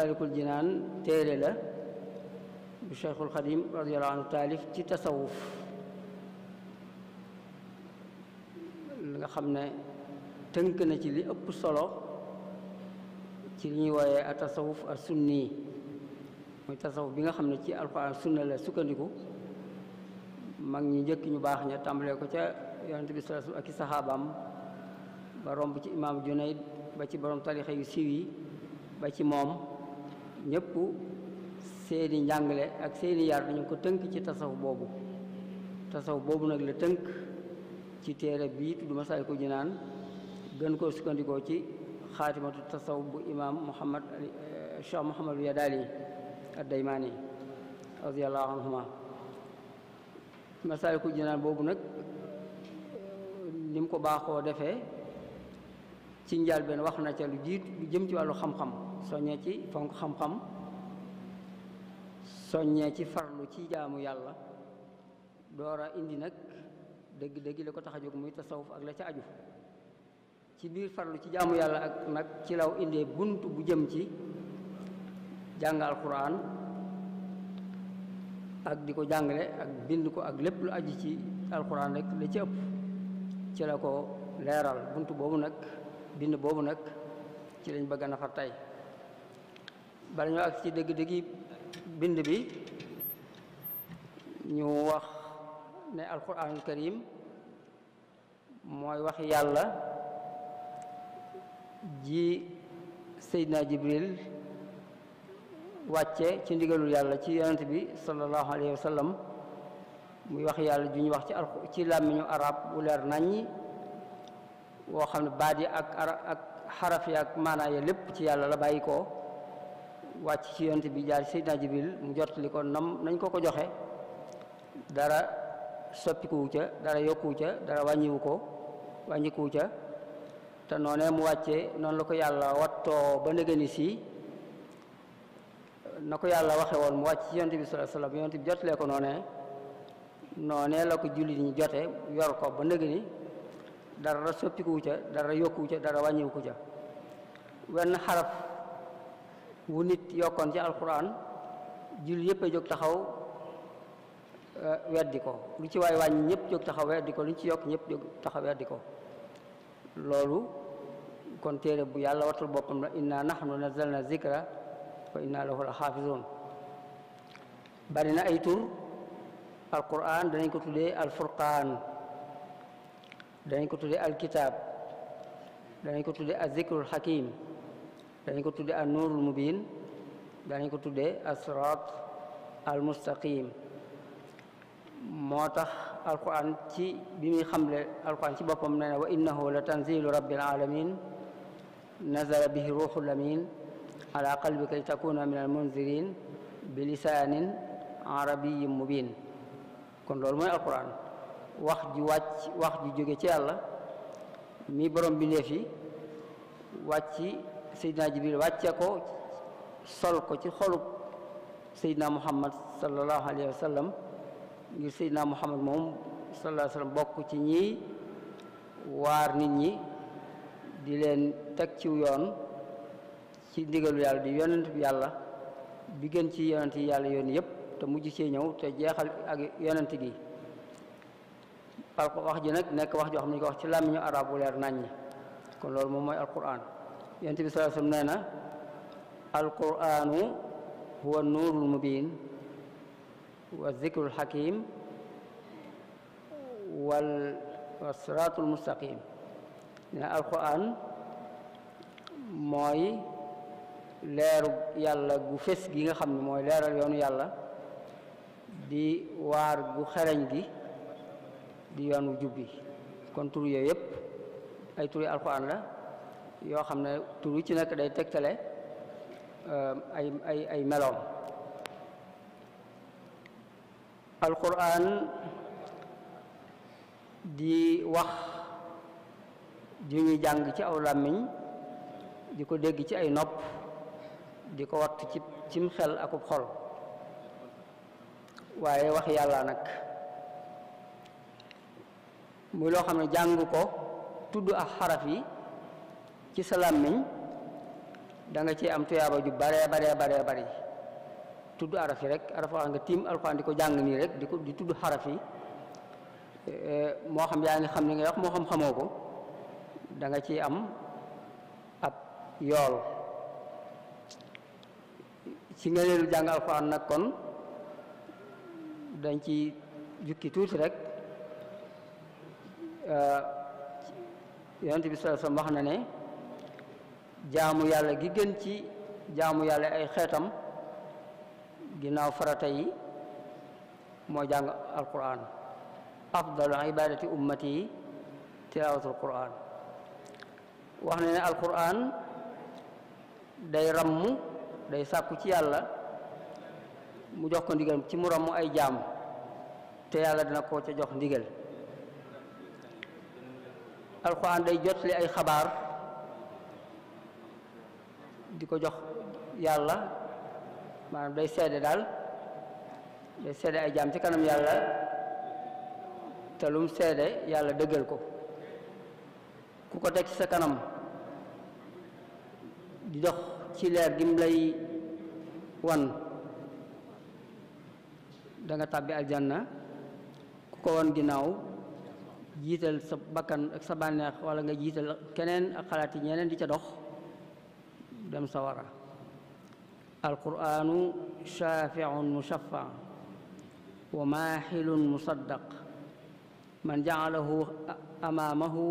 masaalikul jinaan téere la bu cheikhul xadim radiallahu taalif ci tasawuf nga xam ne tënk na ci li ëpp solo ci li ñuy wooyee a tasawuf a sunni muy tasawuf bi nga xam ne ci alquran sunna la sukkandiku mag ñi njëkk ñu baax ña tàmbalee ko ca yonente bi sallallahu ak i saxaabaam ba romb ci imaam Junayd ba ci borom tarixa yu siiw ba ci moom ñëpp seeni njàngale ak seeni yar dañu ko tënk ci tasaw boobu tasawuf boobu nag la tënk ci téere bii tudd Masaalikul Jinaan gën koo sukkandikoo ci xaatimatu tasawuf bu imaam Muhammad eh, Cheikh Muhammadul Yadaali ad-Daymaani radiyallahu anhuma Masaalikul Jinaan boobu nag eh, ni ko baaxoo defee ci njaal benn wax na ca lu jiit lu jëm ci wàllu xam-xam soññee ci fonk xam-xam soññee ci farlu ci jaamu yàlla door a indi nag dégg dëgg li ko tax a jóg muy tasawuf ak la ca aju ci biir farlu ci jaamu yàlla ak nag ci law indee bunt bu jëm ci jàng alquran ak di ko jàngale ak bind ko ak lépp lu aju ci alquran rek la ci ëpp ci la ko leeral bunt boobu nag bind boobu nag ci lañ bëgg a nafar tey bala ñoo ak ci dëgg-dëggi bind bi ñu wax ne alquranul karim mooy wax yàlla ji seydina jibril wàcce ci ndigalul yàlla ci yonent bi sallallahu alayhi wa muy wax yàlla ju ñu wax ci al ci làmmiñu arab bu leer naññi woo xam ne baat yi ak ara ak xaraf yi ak maanaa ya lépp ci yàlla la bàyyi ko wàcc ci yonent bi jaar Seydina Jibril mu jottali ko nam nañ ko ko joxe dara soppikuwu ca dara yokkuwu ca dara wàññiwu ko wàññikuwu ca te noonee mu wàccee noonu la ko yàlla wattoo ba nëgëni si na ko yàlla waxe woon mu wàcc ci yonent bi sallallahu alayhi ko noonee noonee la ko ñi jote yor ko ba nëgëni dara soppikuwu ca dara yokkuwu ca dara wàññiwu ko ca wenn xaraf wu nit yokkoon ci alquran jul yëpp a eh, jóg taxaw weddi ko lu ci waay wàññi ñëpp jóg taxaw weddi lu ci yokk ñëpp jóg ko loolu kon téere bu yàlla watul boppam la inna nahnu nazzalna zikra wa inna lahu la xaafizun bari na ay tur alquran danañ ko tuddee alfurqaan danañ ko tuddee alkitab danañ ko tuddee azikrul hakim dañ ko tudde an nuurul mubin dañ ko tudde asrat al mustaqim moo tax alquran ci bi muy xamle alquran ci boppam nee na wa innahu la tanzilu rabbil alamin nazala bihi ruuxul amin ala qalbika li takuna min al munzirin bi lisaanin arabiyin mubin kon loolu mooy alquran wax ji wàcc wax ji jóge ci yàlla mi borom bi ndeef yi wàcc seydina jibril wàcce ko sol ko ci xolub seydina muhammad sallallahu alayhi wa sallam ngir seydina muhammad moom sallallahu alayhi wa bokk ci ñiy waar nit ñi di leen teg ci yoon ci ndigalu yàlla di yonent bi yàlla bi gën ci yonent yi yàlla yoon yépp te mujj ci ñëw te jeexal ak yonent gi al wax ji nag nekk wax joo xam ne ko wax ci làmmiñu arab leer naññ kon loolu moom mooy alquran yonent bi sallallahu alayhi wa sallam nee na alquranu huwa nuurul mubin wa zikrul hakim wal siraatul mustaqim nee na alquran mooy leeru yàlla gu fés gi nga xam ne mooy leeral yoonu yàlla di waar gu xereñ gi di yoon wu jubbi kon tur yooyu yëpp ay turi alquran la yoo xam ne tur wu ci nekk day tegtale euh, ay ay ay meloom alquran di wax ju ñuy jàng ci aw làmmiñ di ko dégg ci ay nopp di ko wattu ci cim xel akub xol waaye wax yàlla nag muy loo xam ne jàng ko tudd ak xaraf yi ci sa làmmiñ da ci am tuyaaba ju baree baree baree bari tudd araf yi rek araf wax nga tiim alxuraan di ko jàng nii rek di ko di tudd xaraf yi eh, moo xam yaa ngi xam ni nga wax moo xam xamoo ko danga ci am ab yool ci nga leelu jàng alxuraan nag kon dañ ci jukki tuuti rek eh, yonent bi sallallahu alayhi wasallam wax na ne jaamu yàlla gi gën ci jaamu yàlla ay xeetam ginnaaw farata yi moo jàng alquran afdalu ibadati ummati tilawatul quran wax na ne alquran day rammu day sàkku ci yàlla mu jox ko ndigal ci mu rammu ay jaam te yàlla dina ko ca jox ndigal alquran day jotli ay xabaar di ko jox yàlla maanaam day seede daal day seede ay jaam ci kanam yàlla te lum seede yàlla dëggal ko ku ko teg ci sa kanam di dox ci leer gi mu lay wan danga nga tàbbi aljanna ku ko wan ginnaaw jiital sa bakkan ak sa bànneex wala nga jiital keneen ak xalaat yi ñeneen di ca dox dem sawara alqur'anu shaafiun mushaffa wa maaxilun musaddaq man jacalahu amaamahu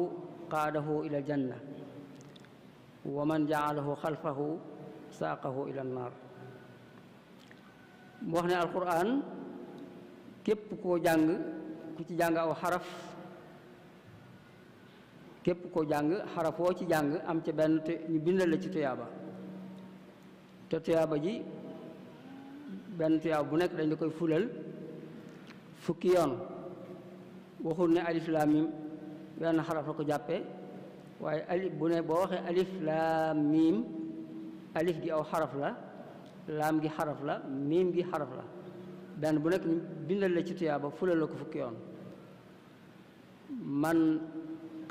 qaadahu ila aljanna wa man jacalahu xalfahu saaqahu ila annaar mu wax ne alqur'an képp koo ku ci jàng aw xaraf képp koo jàng xaraf woo ci jàng am ci benn te ñu bindal la ci tuyaaba te tuyaaba ji benn tuyaaba bu nekk dañ la koy fulal fukki yoon waxul ne alif laam miim benn xaraf la ko jàppee waaye alif bu ne boo waxee alif laam miim alif gi aw xaraf la laam gi xaraf la miim gi xaraf la benn bu nekk ñu bindal la ci tuyaaba fulal la ko fukki yoon man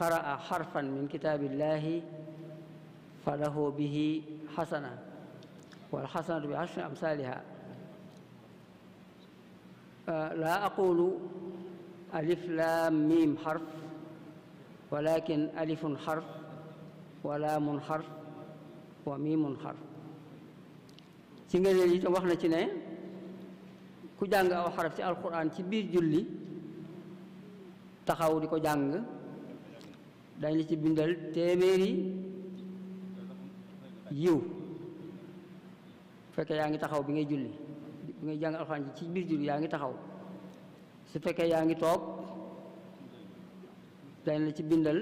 qaraa xarfan min kitaabillaahi falahu bihi xasana والحسنة بعشر أمثالها لا أقول ألف لام ميم حرف ولكن ألف حرف ولام حرف وميم حرف ci ngëneel yi tam ci ne ku jàng aw xaraf ci alquran ci biir julli taxaw di ko jàng dañ ci bindal téeméeri yiw fekkee yaa ngi taxaw bi ngay julli bi ngay jàng alxuraan ci biir julli yaa ngi taxaw su fekkee yaa ngi toog dañ la ci bindal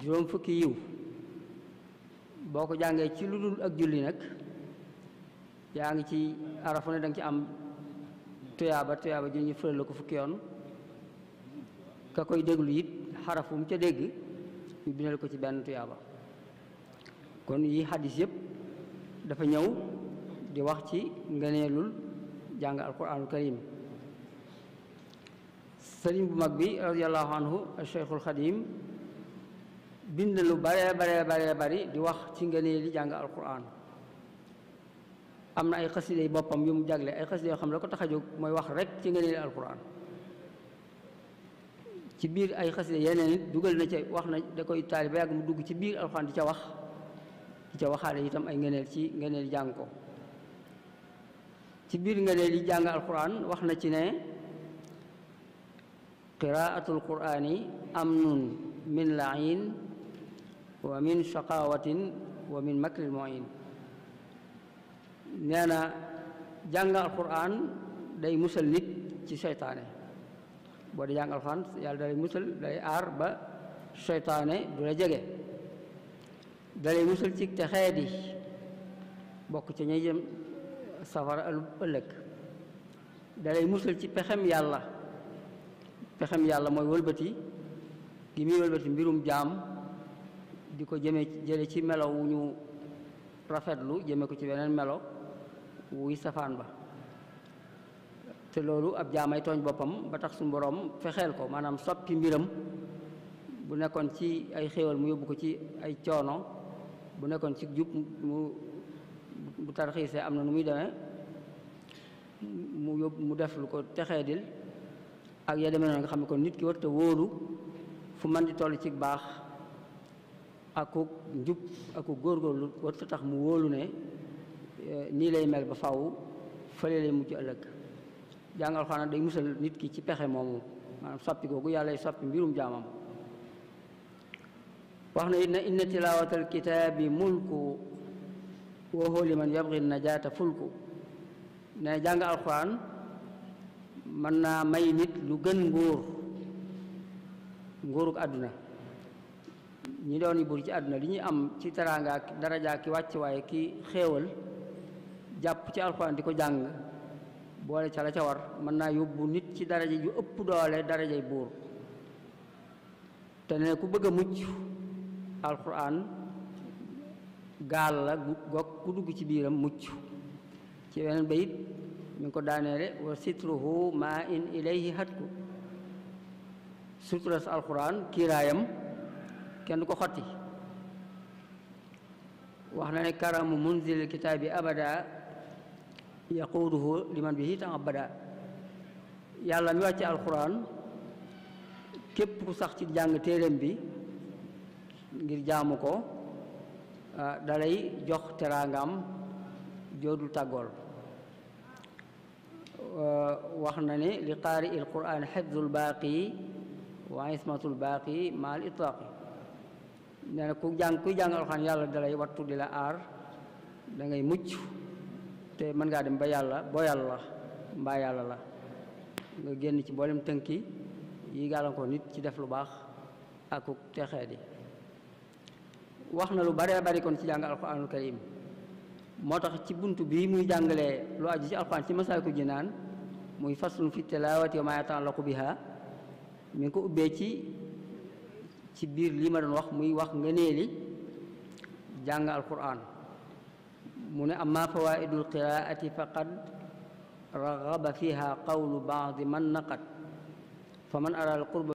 juróom fukki yiw boo ko jàngee ci lu dul ak julli nag yaa ngi ci arafu ne danga ci am tuyaaba tuyaaba ju ñu fëral la ko fukki yoon ka koy déglu it xarafum ca dégg ñu bindal ko ci benn tuyaaba kon yi xadis yépp dafa ñëw di wax ci ngëneelul jàng alquranul karim sëriñ bu mag bi radiallahu anhu cheikhul xadim bind lu baree baree baree bari di wax ci ngëneeli jàng alquran am na ay xasida yi boppam yi mu jagle ay xasida yoo xam ne la ko tax a jóg mooy wax rek ci ngëneeli alquran ci biir ay xasida yeneen dugal na ci wax na da koy taali yàgg mu dugg ci biir alquran di ca wax di ca waxaale itam ay ngëneel ci ngëneel jàng ko ci biir ngëneel yi jàng alquran wax na ci ne qiraatul quraani amnun min lain wa min shaqawatin wa min makril muin nee na jàng alquran day musal nit ci seytaane boo di jàng alquran yàlla day musal day aar ba seytaane du la jege dalay musal ci te xeet yi bokk ci ña jëm safara alu ëllëg dalay musal ci pexem yàlla pexem yàlla mooy wëlbati gi muy wëlbati mbirum jaam di ko jëme jële ci melow wu ñu rafetlu jëme ko ci weneen melow wuy safaan ba te loolu ab jaamay tooñ boppam ba tax suñu boroom fexeel ko maanaam soppi mbiram bu nekkoon ci ay xéewal mu yóbbu ko ci ay coono bu nekkoon ci jub mu bu tarxiisee am na nu muy demee mu yóbbu mu def lu ko texee dil ak yaa deme noonu nga xam ne ko nit ki war te wóolu fu man di toll ci baax ak ku njub ak ku góorgóorlu war te tax mu wóolu ne eh, nii lay mel ba faw fële lay mujj ëllëg jàngal xanaa day musal nit ki ci pexe moomu maanaam soppi googu yàlla soppi mbirum jaamam wax na inna inna tilaawatal kitaabi mulku wa huwa liman yabghi najaata fulku ne jàng alxuraan mën naa may nit lu gën nguur nguuruk àdduna ñi doon yi buur ci àdduna li ñuy am ci teraanga ak daraja ki wàcc waaye ki xéewal jàpp ci alxuraan di ko jàng boole ca la ca war mën naa yóbbu nit ci daraja ju ëpp doole darajay buur te ne ku bëgg mucc alxuraan gaal la gog ku dugg ci biiram mucc ci weneen bayit mi ngi ko daaneele wa sitruhu ma in ilayhi hatku sutras alxuraan kiiraayam kenn du ko xotti wax na ne karamu munzil bi abada yaquuduhu liman bihi ta'abbada yàlla mi wàcce alxuraan képp sax ci jàng téeréem bi ngir jaamu ko ah, dalay jox teraangam joodul tàggool ah, wax na ni li qaari il quraan xifdul baaqi wa baaqi ma al nee na ku jàng kuy jàng alxuraan yàlla dalay wattu di la aar dangay mucc te mën ngaa dem ba yàlla boo yàlla mbaa yàlla la nga génn ci boolem tënki yi gàllankoor nit ci def lu baax akuk texee di wax na lu bare bari kon ci jàng alxuraanul karim moo tax ci bunt bii muy jàngalee lu aju ci alxuraan ci masaaku jinaan muy faslun fi tilaawati wa maa yata'allaqu biha mi ngi ko ubbee ci ci biir lii ma doon wax muy wax li jàng alxuraan mu ne amma fawaidul qiraati faqad raghaba fiha qawlu baadi man naqat fa man aral qurba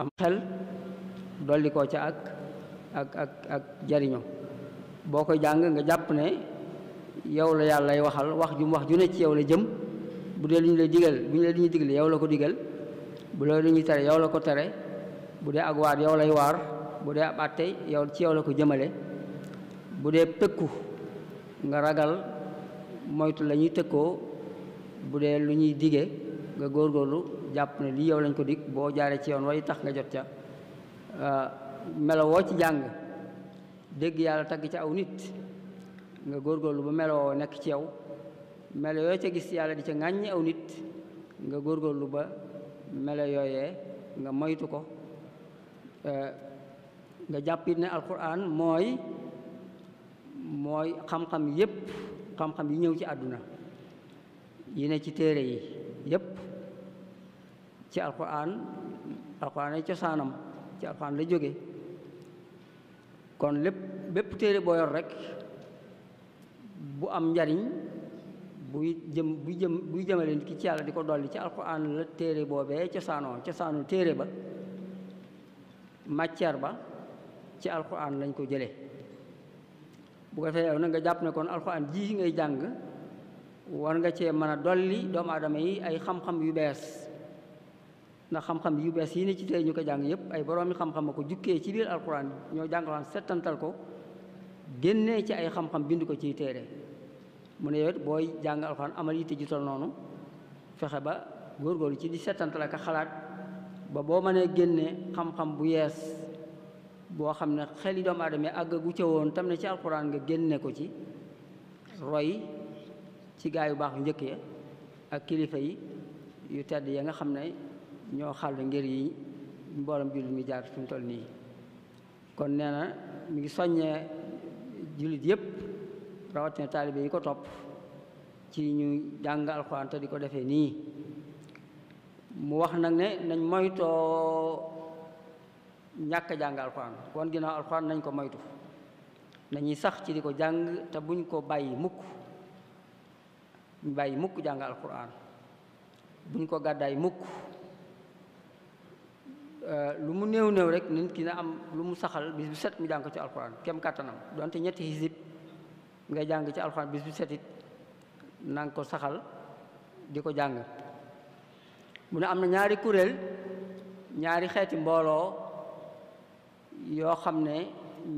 am xel dolli koo ca ak ak ak jariño boo koy jàng nga jàpp ne yow la yàlla ay waxal wax ju mu wax ju ne ci yow la jëm bu dee lu ñu lay digal bu ñu la di ñuy digal yow la ko diggal bu dee lu ñuy tere yow la ko tere bu dee ak waar yow lay waar bu dee ab àtte yow ci yow la ko jëmale bu dee tëkku nga ragal moytu la ñuy tëkkoo bu dee lu ñuy dige nga góor góorlu jàpp ne lii yow lañ ko dig boo jaaree ci yoon way tax nga jot ca ah, melowoo ci jàng dégg yàlla tagg ca aw nit nga góorgóorlu ba melowoo nekk ci yow melo yooyu ca gis yàlla di ca ŋàññi aw nit nga góorgóorlu ba melo yooyee nga moytu ko ah, nga jàppit ne alquran mooy mooy xam-xam yépp xam-xam yi ñëw ci àdduna yi ne ci téere yi yépp ci alquran alquran ay cosaanam ci alquran la jóge kon lépp bépp téere boo yor rek bu am njariñ buy jëm buy jëm buy jëmale nit ki ci yàlla di ko dolli ci alquran la téere boobee cosaanoo cosaanu téere ba matière ba ci alquran lañ ko jële bu ko yow na nga jàpp ne kon alquran ji ngay jàng war nga cee mën a dolli doomu aadama yi ay xam-xam yu bees ndax xam-xam yu bees yi ne ci tey ñu ko jàng yëpp ay boroomi xam-xam a ko jukkee ci biir alquran ñoo jàngalaan settantal ko génnee ci ay xam-xam bind ko ci téere mu ne yow booy jàng alquran amal yitte ju tol noonu fexe ba góorgóorlu ci di settantal ak xalaat ba boo mënee génnee xam-xam bu yees boo xam ne xel yi doomu aadama àggagu ca woon tam ne ci alquran nga génne ko ci roy ci gaa yu baax yu njëkk ya ak kilifa yi yu tedd yi nga xam ne ñoo xàll ngir yi mboolam jullit mi jaar fi mu toll nii kon nee na mi ngi soññee jullit yépp rawatina taalibe yi ko topp ci ñu jàng alxuraan te di ko defee nii mu wax nag ne nañ moytoo ñàkk jàng alxuraan kon ginnaaw alxuraan nañ ko moytu nañuy sax ci di ko jàng te buñ ko bàyyi mukk ñu bàyyi mukk jàng alxuraan buñ ko gàddaay mukk Euh, lu mu néew néew rek nit ki na am lu mu saxal bis bu set mu jàng ci alxuraan kem kàttanam donte ñetti xisib nga jàng ci alxuraan bis bu set it na ko saxal di ko jàng mu ne am na ñaari kuréel ñaari xeeti mbooloo yoo xam ne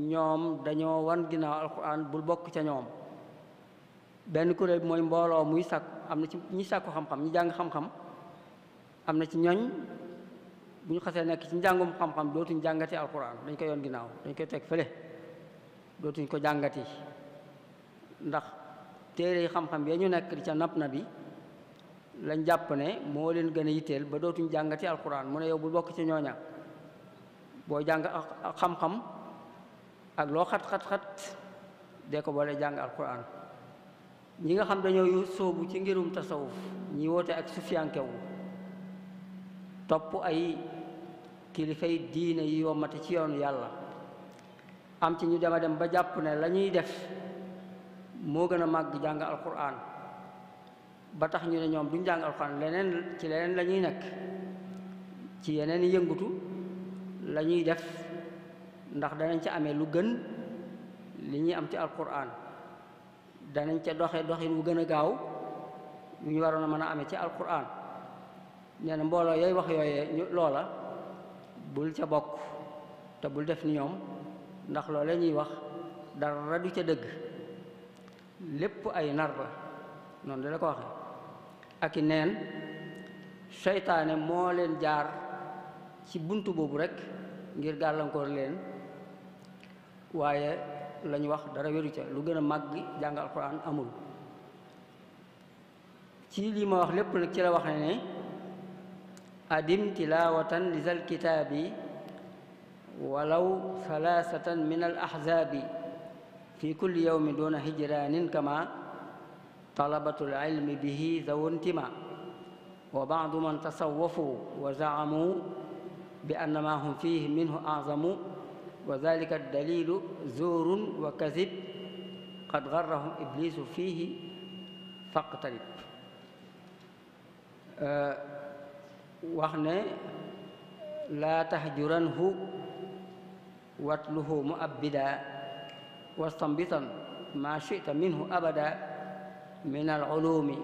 ñoom dañoo wan ginnaaw alxuraan bul bokk ca ñoom benn kuréel bi mooy mbooloo muy sàkk am na ci ñi sàkku xam-xam ñi jàng xam-xam am na ci ñoñ bu ñu xasee nekk ci njàngum xam-xam dootuñ jàngati alquran dañ ko yoon ginnaaw dañ koy teg fële dootuñ ko jàngati ndax téere xam-xam ya ñu nekk ca nap na bi lañ jàpp ne moo leen gën a yitteel ba dootuñ jàngati alquran mu ne yow bu bokk ci ñooña boo jàng xam-xam ak loo xat-xat-xat dee ko boole jàng alquran ñi nga xam dañoo sóobu ci ngirum tasawuf ñi woote ak sufiyankewu topp ay kilifay diine yi yombati ci yoonu yàlla am ci ñu dema dem ba jàpp ne la ñuy def moo gën a màgg jàng alquran ba tax ñu ne ñoom duñ jàng alquran leneen ci leneen la ñuy nekk ci yeneen yëngutu la ñuy def ndax danañ ca amee lu gën li ñuy am ci alquran danañ ca doxe doxin wu gën a gaaw yu ñu waroon a mën a amee ci alquran nee mbooloo yooyu wax yooyee loola bul ca bokk te bul def ni ñoom ndax loole ñuy wax dara du ca dëgg lépp ay nar la noonu da ko waxe ak i neen seytaane moo leen jaar ci bunt boobu rekk ngir gàllankoor leen waaye la ñu wax dara wéru ca lu gën a màgg jàng alxuraan amul ci lii ma wax lépp nag ci la wax ne adim tilawatan lizal kitaabi walaw thalathatan min al ahzaabi fi kulli yawmi duna hijranin kama talabatul ilmi bihi zawuntima wa ba'du man tasawwafu wa za'amu bi anna ma hum fihi minhu a'zamu wa dhalika ad-dalilu zuurun wa kadhib qad gharrahum iblisu fihi faqtarib wax ne laa tahjuranhu watluhu mu'abbida wastanbitan ma shi'ta minhu abada min al-ulumi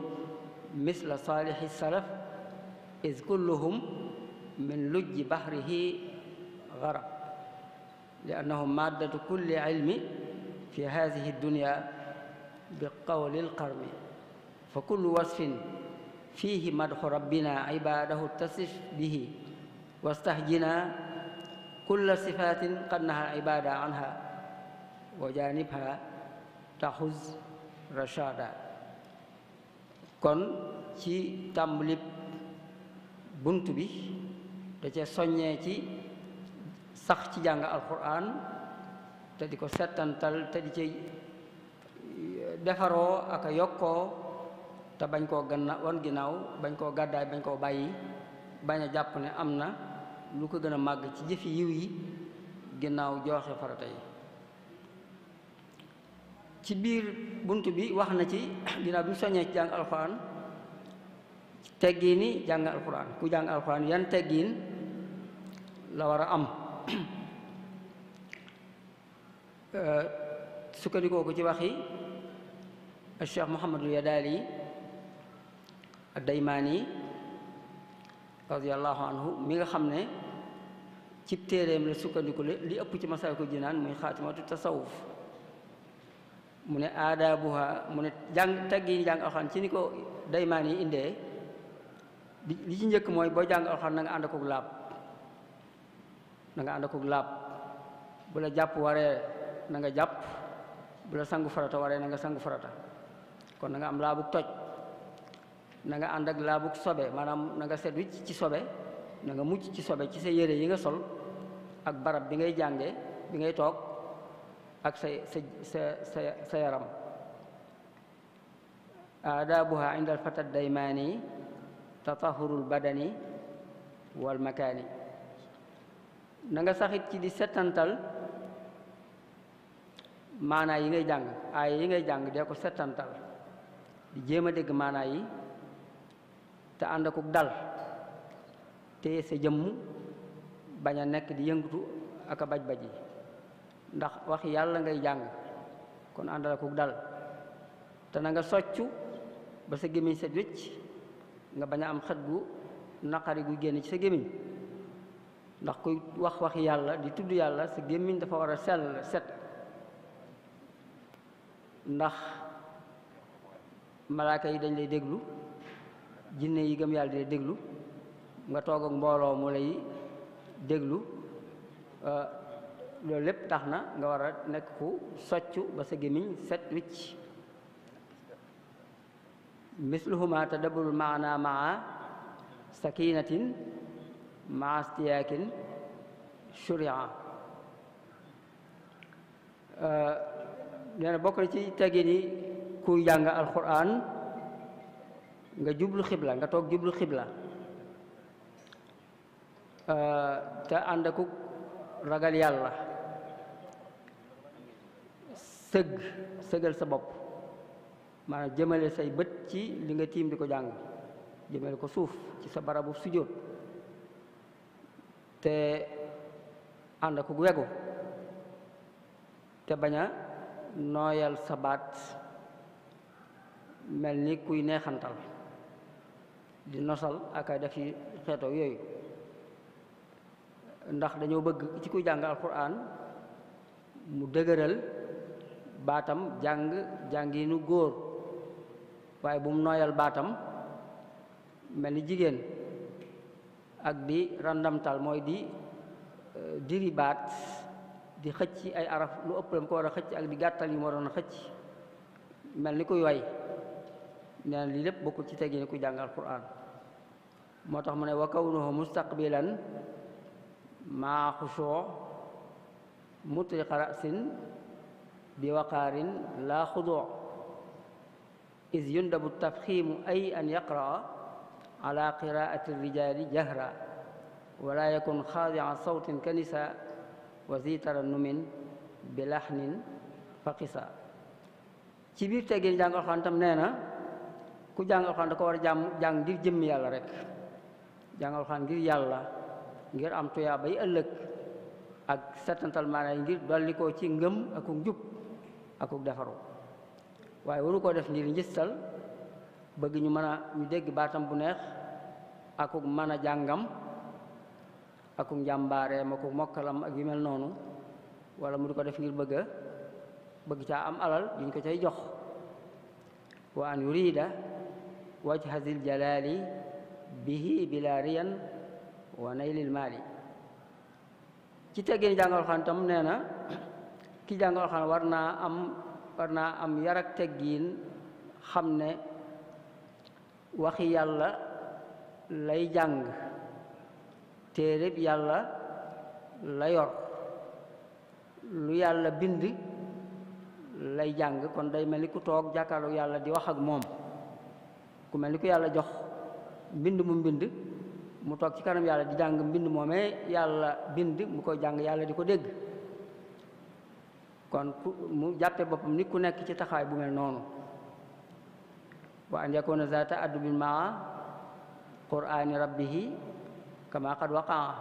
misla saalihi salaf iz kulluhum min lujji bahrihi gharaq li'annahu maddatu kulli ilmi fi hadhihi ad-dunya bi qawli al-qarni fa kullu wasfin fiihi madxu rabbina ibaadahu tasif bihi wastahjina kulla sifatin qad naha ibada anha wa janibha taxuz rashada kon ci tàmbalib bunt bi da ca soññee ci sax ci jàng alquran te di ko settantal te di ci defaroo ak yokkoo te bañ koo ganna wan ginnaaw bañ koo gàddaay bañ koo bàyyi bañ a jàpp ne am na lu ko gën a màgg ci jëfi yiw yi ginnaaw joxe farata yi ci biir bunt bi wax na ci dina bi mu soññee ci jàng alxuraan teggiini jàng alxuraan ku jàng alxuraan yan teggiin la war a am euh, sukkandikoo ko ci waxi Cheikh Mouhamadul Yadaali ak daymaani radiallahu anhu mi nga xam ne ci téeréem la sukkandiku li ëpp ci masaalikul jinaan muy xaatimatu tasawuf mu ne aadaabuha mu ne jàng tagg yi jàng alxuraan ci ni ko daymaan yi indee li ci njëkk mooy boo jàng alxuraan na nga ànd akuk laab na ànd akuk laab bu la jàpp waree na jàpp bu la sangu farata waree na nga sangu farata kon na am laabuk toj nanga ànd ak laabug sobe maanaam nanga nga set wicc ci sobe na nga mucc ci sobe ci sa yére yi nga sol ak barab bi ngay jànge bi ngay toog ak sa sa sa yaram aadaabuha inda alfata daymaani tatahurul badani wal makaani nanga saxit ci di setantal maanaa yi ngay jàng aaya yi ngay jàng dee ko settantal di jéem a dégg maanaa yi te ànd akuk dal te sa jëmm bañ a nekk di yëngatu ak baj-baj yi ndax wax yàlla ngay jàng kon àndal dal te na nga soccu ba sa gémmiñ sa wécc nga bañ a am xet gu naqari gu génn ci sa gémmiñ ndax kuy wax wax yàlla di tudd yàlla sa gémmiñ dafa war a sell set ndax malaaka yi dañ lay déglu jinne yi gëm yàlla di déglu nga toog mbooloo mu lay déglu euh, loolu lépp tax na nga war a nekk ku soccu ba sa gémmiñ set wicc misluhuma tadabburul maana maa sakinatin maa stiyaakin shuria euh, nee na bokk na ci teggin yi ku jàng alquran nga jublu xibla nga toog jublu xibla euh, te ànd ak ragal yàlla sëgg sëgal sa bopp maanaam jëmale say bët ci li nga tiim di ko jàng jëmale ko suuf ci sa barabu sujjóot te ànd ak wegu te bañ a nooyal sa baat mel ni kuy neexantal di nosal ak a def yi xeetoo yooyu ndax dañoo bëgg ci kuy jàng alquran mu dëgëral baatam jàng jànginu góor waaye bu mu nooyal baatam mel ni jigéen ak di randamtal mooy di euh, diri baat di xëcc ay araf lu ëpp la mu ko war a xëcc ak di gàttal yi mu waroon xëcc mel ni kuy way nee na lii lépp bokkul ci teggin ku jàng alquran moo tax mu ne wa kawnuhu mustaqbilan maa xushoo mutriqa rasin bi waqaarin laa xudoo is yundabu tafxiimu ay an yaqraa ala qiraati rijaali jahra wala yakun xaadica sawtin ka nisa wa zi tarannumin bi laxnin faqisa ci biir teggin jàng alquran tam nee na ku jàng alxuraan da ko war a jàmm jàng ngir jëmm yàlla rek jàng alxuraan ngir yàlla ngir am tuyaa bay ëllëg ak setantal maana ngir dolli ci ngëm akuk njub akuk defaru waaye waru koo def ngir njistal bëgg ñu mën a ñu dégg baatam bu neex akuk mën a jàngam akuk njàmbaareem akuk mokkalam ak yu mel noonu wala mu di ko def ngir bëgg bëgg caa am alal yuñ ko cay jox wa an yurida wajha zil jalali bihi bila riyan wa naylil maali ci teggin jàngal xan tam nee na ki jàngal xan war naa am war naa am yar ak teggin xam ne waxi yàlla lay jàng téereb yàlla la yor lu yàlla bind lay jàng kon day mel ni ku toog jàkkaarlu yàlla di wax ak moom ku mel ni ku yàlla jox mbind mu mbind mu toog ci kanam yàlla di jàng mbind moomee yàlla bind mu ko jàng yàlla di ko dégg kon ku mu jàppe boppam ni ku nekk ci taxawaay bu mel noonu wa an yakuna zata addubin maa qur'ani rabbihi kama qad waqaa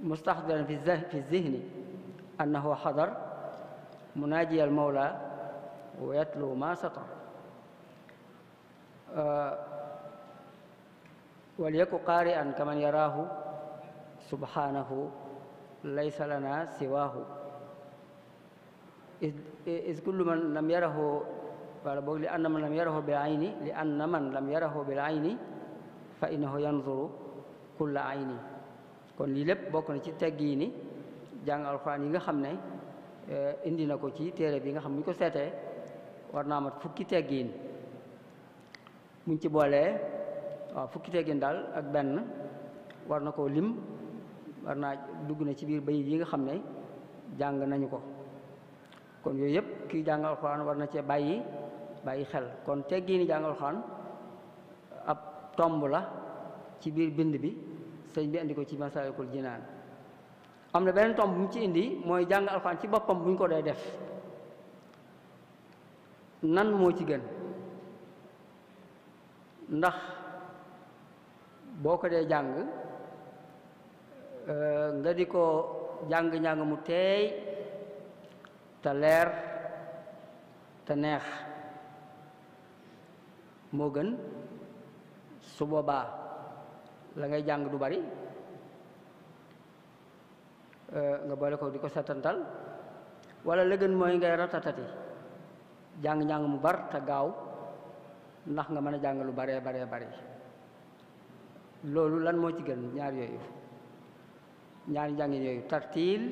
mustahdiran fi zihni annahu xadar munaaji al mawla ويتلو ما سطر وليك قارئا كمن يراه سبحانه ليس لنا سواه إذ كل من لم يره لأن من لم يره بالعين لأن من لم يره بالعين فإنه ينظر كل عين kon lii lépp bokk na ci teggii ni jàng alxuraan yi nga xam ne indi na ko ci téere bi nga xam bu ñu ko seetee war naa mat fukki teggiin buñ ci boolee waaw fukki teggiin daal ak benn war na koo lim war naa dugg na ci biir bayit yi nga xam ne jàng nañu ko kon yooyu yëpp kii jàng alxuraan war na cee bàyyi bàyyi xel kon teggiini jàng alxuraan ab tomb la ci biir bind bi sëñ bi indi ko ci Masaalikul Jinaan am na benn tomb bu mu ci indi mooy jàng alxuraan ci boppam bu ñu ko dee def nan moo ci gën ndax boo ko dee jàng euh, nga di ko jàng-njàng mu teey te leer te neex moo gën su boobaa la ngay jàng du bari euh, nga boole ko di ko setantal walla la gën mooy ngay ratatati jàng njàng mu bar te gaaw ndax nga mën a jàng lu bare baree bari loolu lan moo ci gën ñaar yooyu ñaari njàngin yooyu tartiil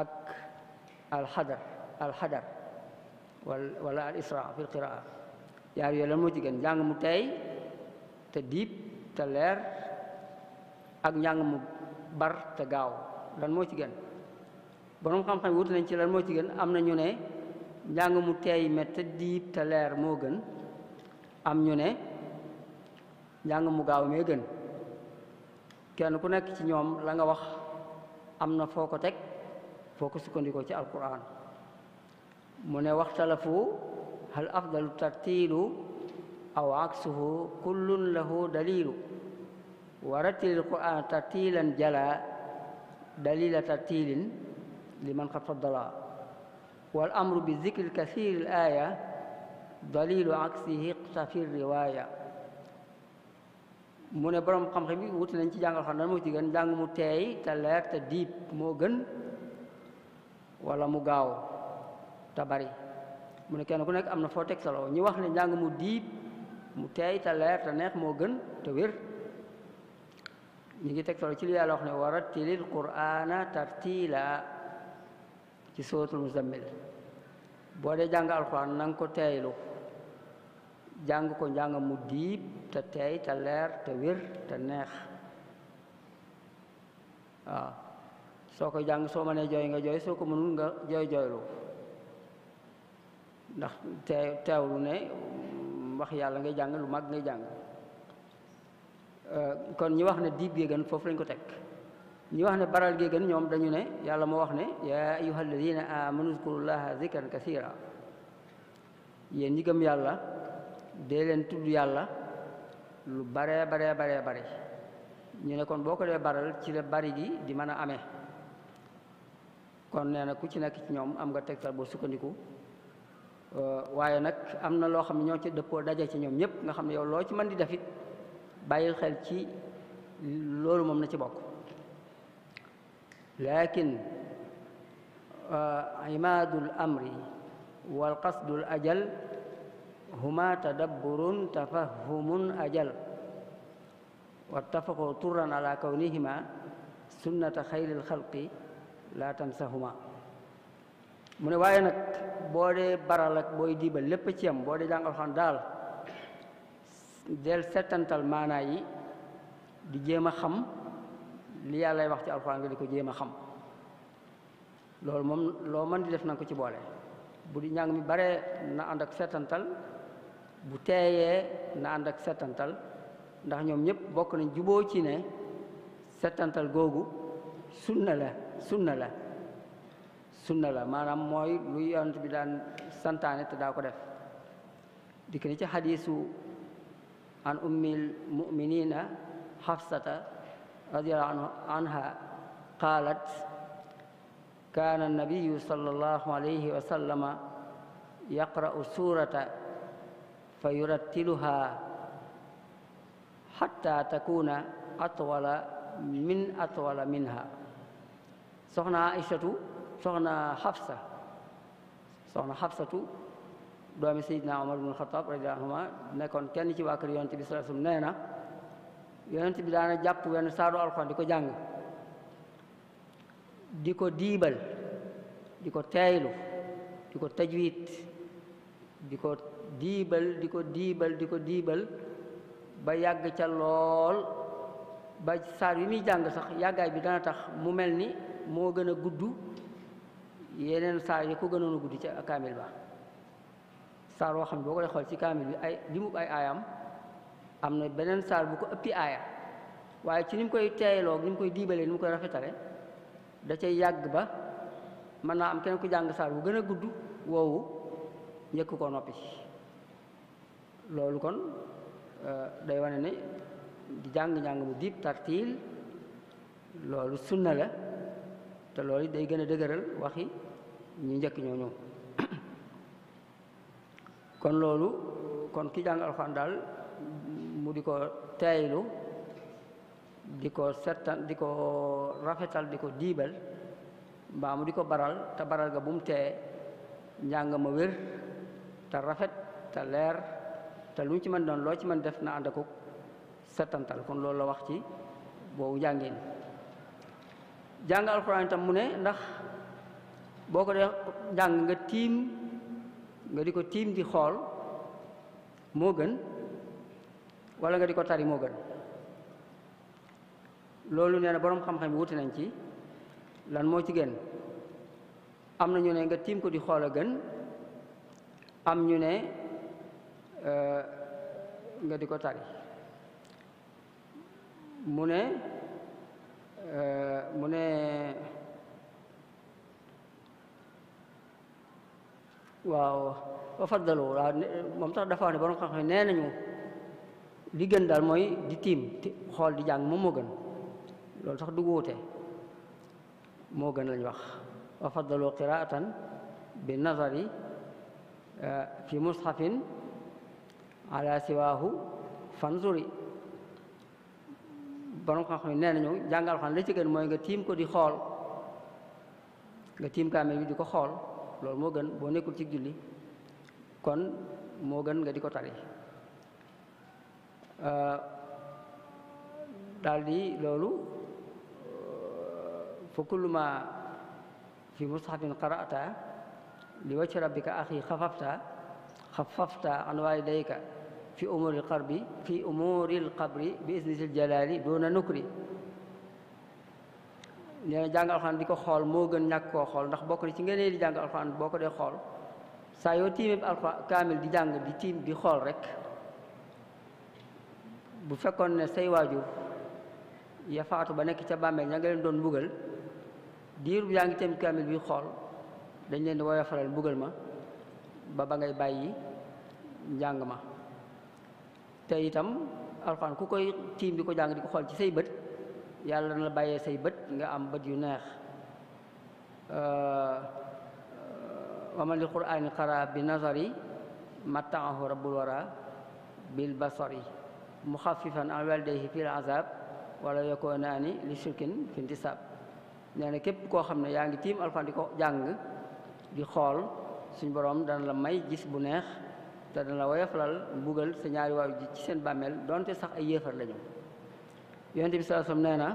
ak alxadar alxadar wala al isra fi lqiraa ñaar yooyu lan moo ci gën jàng mu tey te diib te leer ak njàng mu bar te gaaw lan moo ci gën boroom xam-xam wut nañ ci lan moo ci gën am na ñu ne njàng mu teey me te diib te leer moo gën am ñu ne njàng mu gaaw mee gën kenn ku nekk ci ñoom la nga wax am na foo ko teg foo ko sukkandikoo ci alquran mu ne waxtalafu hal afdalu tartiilu aw aksuhu kullun lahu dalilu wa rattilil quran tartilan jala dalila tartilin li man xad faddala wal amru bi zikri kathiri l aya dalilu aksihi iqtafi riwaya mu ne borom xam-xam yi wuti nañ ci jàngal moo ci gën mu teey te leer te diib moo gën walla mu gaaw te bari mu ne kenn ku nekk am na foo teg solo ñu wax ne njàng mu diib mu teey te leer te neex moo gën te wér ñu ngi teg solo ci li yàlla wax ne warattilil qur'ana tartila ci sootul muzammil boo dee jàng alxuraan na nga ko teeylu jàng ko njàng mu diib te teey te leer te wér te neex waaw soo koy jàng soo mënee jooy nga jooy soo ko mënul nga jooy jooylu ndax teew teewlu ne wax yàlla ngay jàng lu mag ngay jàng euh, kon ñi wax ne diib gee gën foofu lañ ko teg ñi wax ne baral gi gën ñoom dañu ne yàlla moo wax ne yaa ayyuha alladina amanu zkurullaha zikran kasira yéen ñi gëm yàlla dee leen tudd yàlla lu baree baree baree bari ñu ne kon boo ko dee baral ci la bari gi di mën a ame kon nee na ku ci nekk ci ñoom am nga tegtal boo sukkandiku waaye nag am na loo xam ne ñoo ci dëppoo daje ci ñoom ñëpp nga xam ne yow loo ci mën di def it bàyyi xel ci loolu moom na ci bokk لكن عماد الأمر والقصد الأجل هما تدبر تفهم أجل واتفقوا طرا على كونهما sunnata xayril xalqi laa tamsahuma mu ne waaye nag boo dee baral ak booy diibal lépp ci yam boo dee jàngal xam daal del settantal maanaa yi di jéem a xam li yàllay wax ci alxuraan nga di ko jéem a xam loolu moom loo mën di def na ko ci boole bu di njàng mi bare na ànd ak setantal bu teeyee na ànd ak setantal ndax ñoom ñëpp bokk nañ juboo ci ne setantal googu sunna la sunna la sunna la maanaam mooy lu yonent bi daan santaane te daa ko def dikk ni ci xadiisu an ummil muminina xafsata رضي الله عنها قالت كان النبي صلى الله عليه وسلم يقرأ سورة فيرتلها حتى تكون أطول من أطول منها soxna Aïchatu soxna Xafsa soxna Xafsatu doomi Seydina Omar ibn Xataab radiyallaahu anhu nekkoon kenn ci waa kër Yonent bi sallallaahu alayhi wa sallam nee na yonent bi daana jàpp wenn saaru alxuraan di ko jàng di ko diibal di ko teeylu di ko tajwid di ko diibal di ko diibal di ko diibal ba yàgg ca lool ba saar yi muy jàng sax yàggaay bi dana tax mu mel ni moo gën a gudd yeneen saar yi ko gënoon a gudd ca kaamil ba saar woo xam ne boo koy xool ci kaamil bi ay li mu ay aayam am na beneen saal bu ko ëppi aaya waaye ci ni mu koy teeyloog ni mu koy diibalee ni mu koy rafetale da cay yàgg ba mën naa am kenn ku jàng saal bu gën a gudd woowu njëkk ko noppi loolu kon euh, day wane ne di jàng-njàng mu diib tartiil loolu sunna la te loolu day gën a dëgëral waxi ñu njëkk ñoo ñëw kon loolu kon ki jàng alxuraan daal mu di ko teylu di ko settan di ko rafetal di ko diibal mbaa mu di ko baral te baral ga bu mu tee njàng ma wér te rafet te leer te lu ci mën doon loo ci mën def na ànd ak settantal kon loolu la wax ci boobu njàngeen jàng alxuraan itam mu ne ndax boo ko dee jàng nga tiim nga di ko tiim di xool moo gën wala nga di ko tari moo gën loolu nee na boroom xam-xam yi wuti nañ ci lan moo ci gën am na ñu ne nga tiim ko di xool a gën am ñu ne euh, nga di ko tari mu ne euh, mu ne waaw wa faddalu waaw moom tax dafa wax ne boroom xam-xam nee nañu li gën daal mooy di tiim xool di jàng moom moo gën loolu tax du wuute moo gën lañu wax wa faddalu qiraatan bi nazari eh, fi mushafin ala siwaahu fanzuri borom xam-xam nee nañu jàngal xam la ci gën mooy nga tiim ko di xool nga tiim kaamel bi di ko xool loolu moo gën boo nekkul ci julli kon moo gën nga di ko tari Eh, daal di loolu eh, fa kullu ma fi mushafin qara'ta li wajhi rabbika axi xafafta xafafta an walidayka fi umuril qabri fi umuril qabri bi isni sil doona nukri nee jàng alxuraan di ko xool moo gën ñàkk koo xool ndax bokk na ci ngeen di jàng alxuraan boo ko dee xool saa yoo tiimee alxuraan kaamil di jàng di tiim di xool rek bu fekkoon ne say waajur ya ba nekk ca bàmmeel ña nga leen doon mbugal diir yaa ngi tem kaamil bi xool dañ leen di woyofaral mbugal ma ba ba ngay bàyyi njàng ma te itam alxuraan ku koy tiim bi ko jàng di ko xool ci say bët yàlla na la bàyyee say bët nga am bët yu neex waman lil qur'aani qara bi nazari mattaahu rabbul wara bil ba basari muxaffifan an waldayhi fil azab wala yakunaani li shirkin fi intisab nee na képp koo xam ne yaa ngi tiim alxuraan jàng di xool suñ borom dana la may gis bu neex te la woyofalal mbugal sa ñaari ci seen bàmmeel donte sax ay yéefar lañu yonent bi sallallahu nee na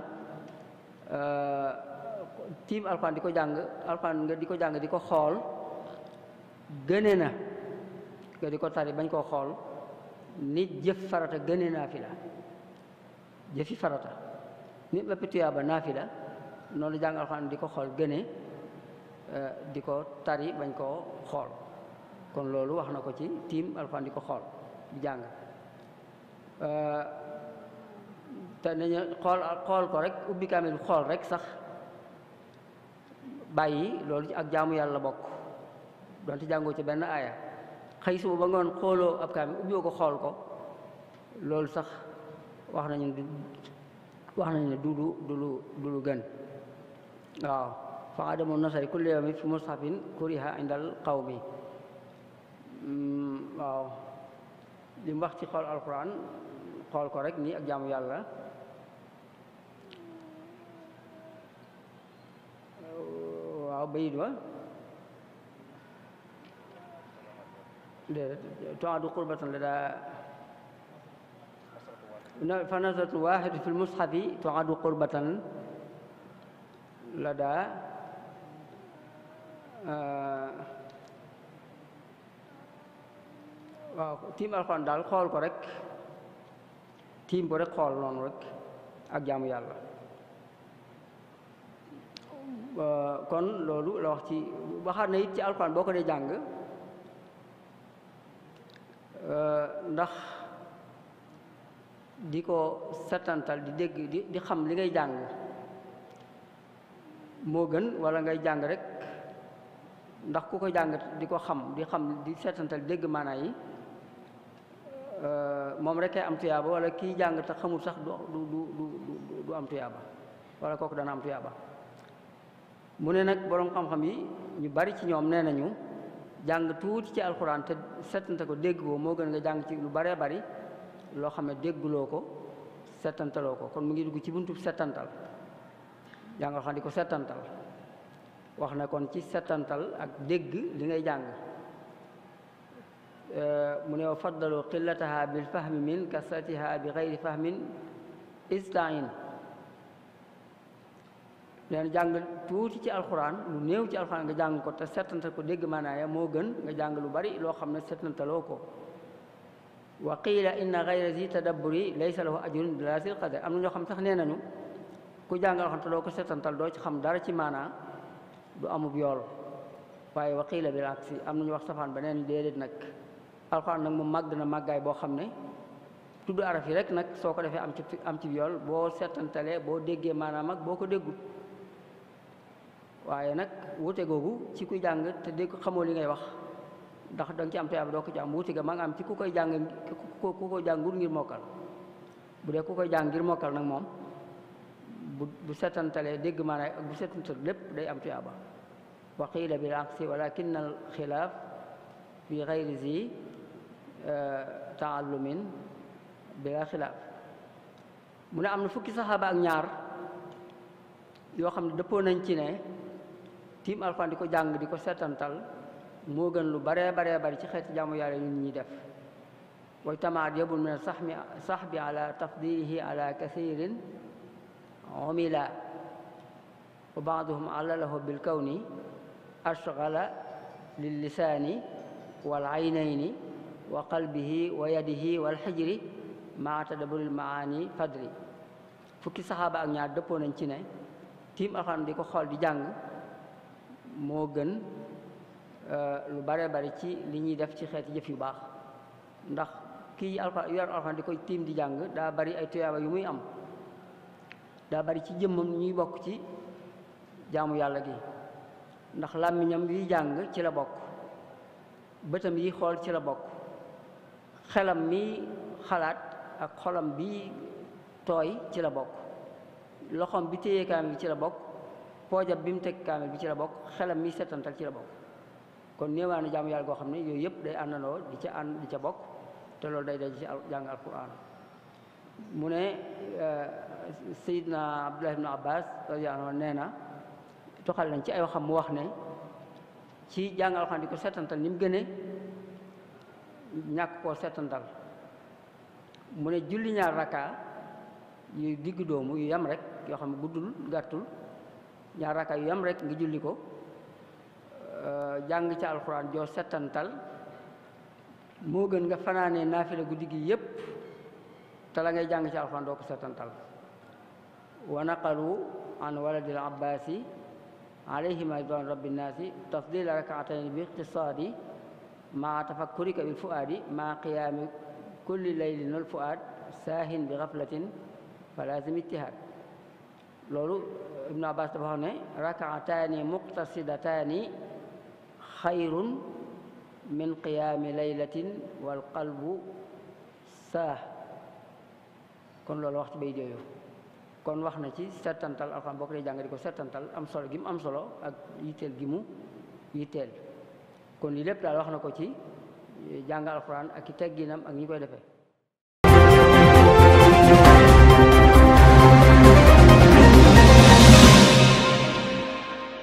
tiim alxuraan di ko jàng alxuraan nga di ko jàng di ko xool gëne na nga di ko tari bañ koo xool nit jëf farata gënee naafila jëfi farata nit ba tuyaaba naafila noonu jàng alxuraan di ko xool gënee euh, di ko tari bañ koo xool kon loolu wax na ko ci tiim alxuraan di ko xool di jàng euh, te nañu xool xool ko rek ubbi kaamil xool rek sax bàyyi loolu ci ak jaamu yàlla bokk donte jàngoo ci benn aaya xëy suba ba ngoon xooloo ab kaamil ubbiwoo ko xool ko loolu sax wax nañu du wax nañu ne du lu du lu du lu gën waaw fa adamu nasari kulli yawmi fi mushafin kuriha indal qawmi mm, waaw li mu wax ci xool alquran xool ko rek nii ak jaamu yàlla waaw bayit wa déedéet toadu qurbatan la daa fa nazratu waaxidu fi lmusxafi toadu qurbatan la tiim alxuraan daal xool ko rek tiim ko rek xool noonu rek ak jaamu yàlla kon loolu la wax ci waxaat na it ci alxuraan boo ko dee jàng ndax di ko setantal di dégg di xam li ngay jàng moo gën wala ngay jàng rek ndax ku ko jàng di ko xam di xam di setantal dégg maanaa yi moom rek am tuyaaba wala kii jàng te xamul sax du du am tuyaaba wala kook dana am tuyaaba mu ne nag boroom xam-xam yi ñu bari ci ñoom nee nañu jàng tuuti ci alxuraan te settante ko dégg ko moo gën nga jàng ci lu baree bari loo xam ne dégguloo ko setantaloo ko kon mu ngi dugg ci buntu setantal jàng alxuraan di ko settantal wax na kon ci setantal ak dégg li ngay jàng mu ne wa faddalu qillataha bil fahmi min kasratiha bi gayri fahmin istain leen jàng tuuti ci alxuraan lu néew ci alxuraan nga jàng ko te setantal ko dégg maanaaya moo gën nga jàng lu bari loo xam ne setantaloo ko wa qiila inna gayra zi tadabburi laysa lahu ajrun bila zil am na ñoo xam sax nee nañu ku jàng alxuraan ko setantal doo ci xam dara ci maanaa du amub yool waaye wa qiila bil si am nañu wax safaan beneen déedéet nag alxuraan nag mu màgg na màggaay boo xam ne tudd araf yi rek nag soo ko defee am ci am ci yool boo setantalee boo déggee maanaa mag boo ko déggu waaye nag wuute googu ci kuy jàng te dégg xamoo li ngay wax ndax danga ci am tuyaaba doo ko ci am wuute ga ma am ci ku koy jàng ku ko ngir mokkal bu dee ku koy jàng ngir mokkal nag moom bu bu setantalee dégg maanaam ak bu setantal lépp day am tuyaaba wa qiila bil aqsi walakin al xilaaf fi xayri zi e, taallumin bila xilaaf mu ne am na fukki saxaaba ak ñaar yoo xam ne dëppoo nañ ci ne tiim alxuraan di ko jàng di ko setantal moo gën lu baree baree bari ci xeeti jaamu yàlla ñun ñuy def way tamaat yabul min sax mi sax bi ala tafdilihi ala kathirin omila wa baaduhum allalahu bil kawni ashgala lil lisaani wal aynayni wa qalbihi wa yadihi wal xijri maa tadaburil maani fadri fukki saxaaba ak ñaar dëppoo nañ ci ne tiim alxuraan di ko xool di jàng moo gën euh, lu bare bari ci li ñuy def ci xeeti jëf yu baax ndax kii alxuraan yor alxuraan di koy tiim di jàng daa bari ay tuyaaba yu muy am daa bari ci jëmmam ñuy bokk ci jaamu yàlla gi ndax làmmiñam yi jàng ci la bokk bëtam yi xool ci la bokk xelam mi xalaat ak xolam bi tooy ci la bokk loxoom bi téye kaam ci la bokk poojab bi mu teg kaamel bi ci la bokk xelam mi setantal ci la bokk kon néewaana jaamu yàlla goo xam ne yooyu yëpp day àndandoo di ca ànd di ca bokk te loolu day day ci jàng alquran mu ne euh, sayidna abdullah ibn abbas radiyallahu anhu na toxal nañ ci ay waxam mu wax ne ci jàng alquran di ko setantal ni mu gëne ñàkk koo setantal mu ne julli ñaar raka yu digg doomu yu yam rek yoo xam ne guddul gàttul ñaar rakka yu yam rek nga julli ko euh, jàng ci alxuraan joo settantal moo gën nga fanaane naafila guddi gi yépp te la ngay jàng ci alxuraan settantal wa naqalu an waladil abbaasi tafdila rakaatayni bi iqtisaadi maa tafakkurika bil fuaadi maa qiyaami kulli laylin wal saahin bi gaflatin fa laazim ittihaad ibnu abbas dafa xam ne rakaataani muqtasidataani xayrun min qiyaami laylatin wal qalbu saa kon loolu wax ci bay jooyu kon wax na ci settantal alxam boo ko dee jàng di ko settantal am solo gi am solo ak yitteel gi mu yitteel kon lii lépp daal wax na ko ci jàng alxuraan ak i tegginam ak ñi koy defee